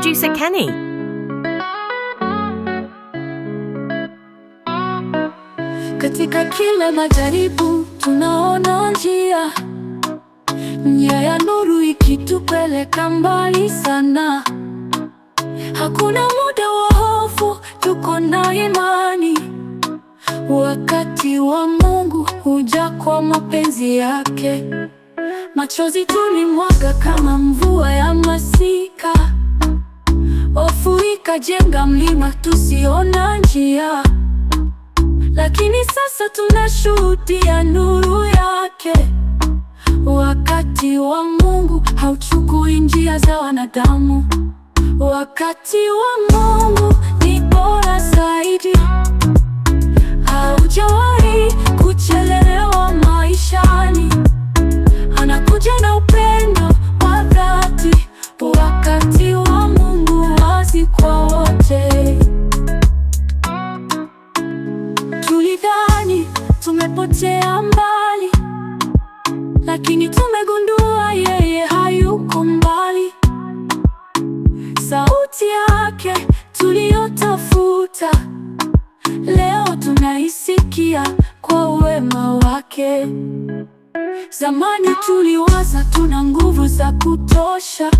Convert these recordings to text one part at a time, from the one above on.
producer Kenny. Katika kila majaribu tunaona njia, njia ya nuru ikitupeleka mbali sana. Hakuna muda wa hofu, tuko na imani. Wakati wa Mungu huja kwa mapenzi yake. Machozi tulimwaga kama mvua ya masika. Hofu ikajenga mlima tusiona njia, lakini sasa tunashuhudia nuru yake. Wakati wa Mungu hauchukui njia za wanadamu. Wakati wa Mungu ni bora tulidhani tumepotea mbali, lakini tumegundua yeye hayuko mbali. Sauti yake tuliyotafuta leo tunaisikia kwa wema wake. Zamani tuliwaza tuna nguvu za kutosha,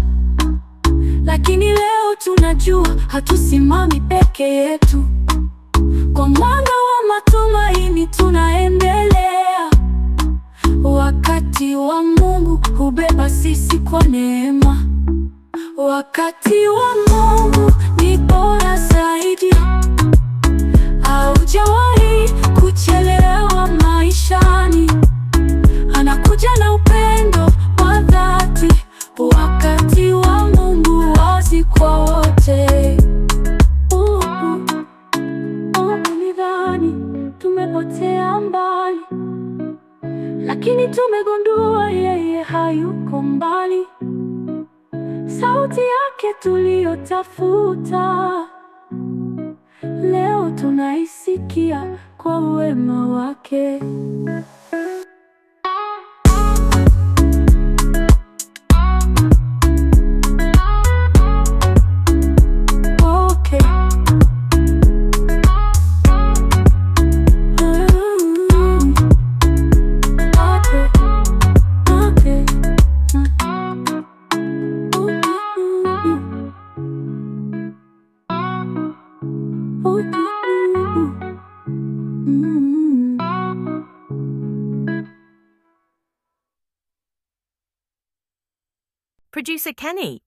lakini leo tunajua hatusimami peke yetu kwa imani tunaendelea. Wakati wa Mungu hubeba sisi kwa neema, wakati wa Mungu lakini tumegundua yeye hayuko mbali. Sauti yake tuliyotafuta leo tunaisikia kwa wema wake. Producer Kenny,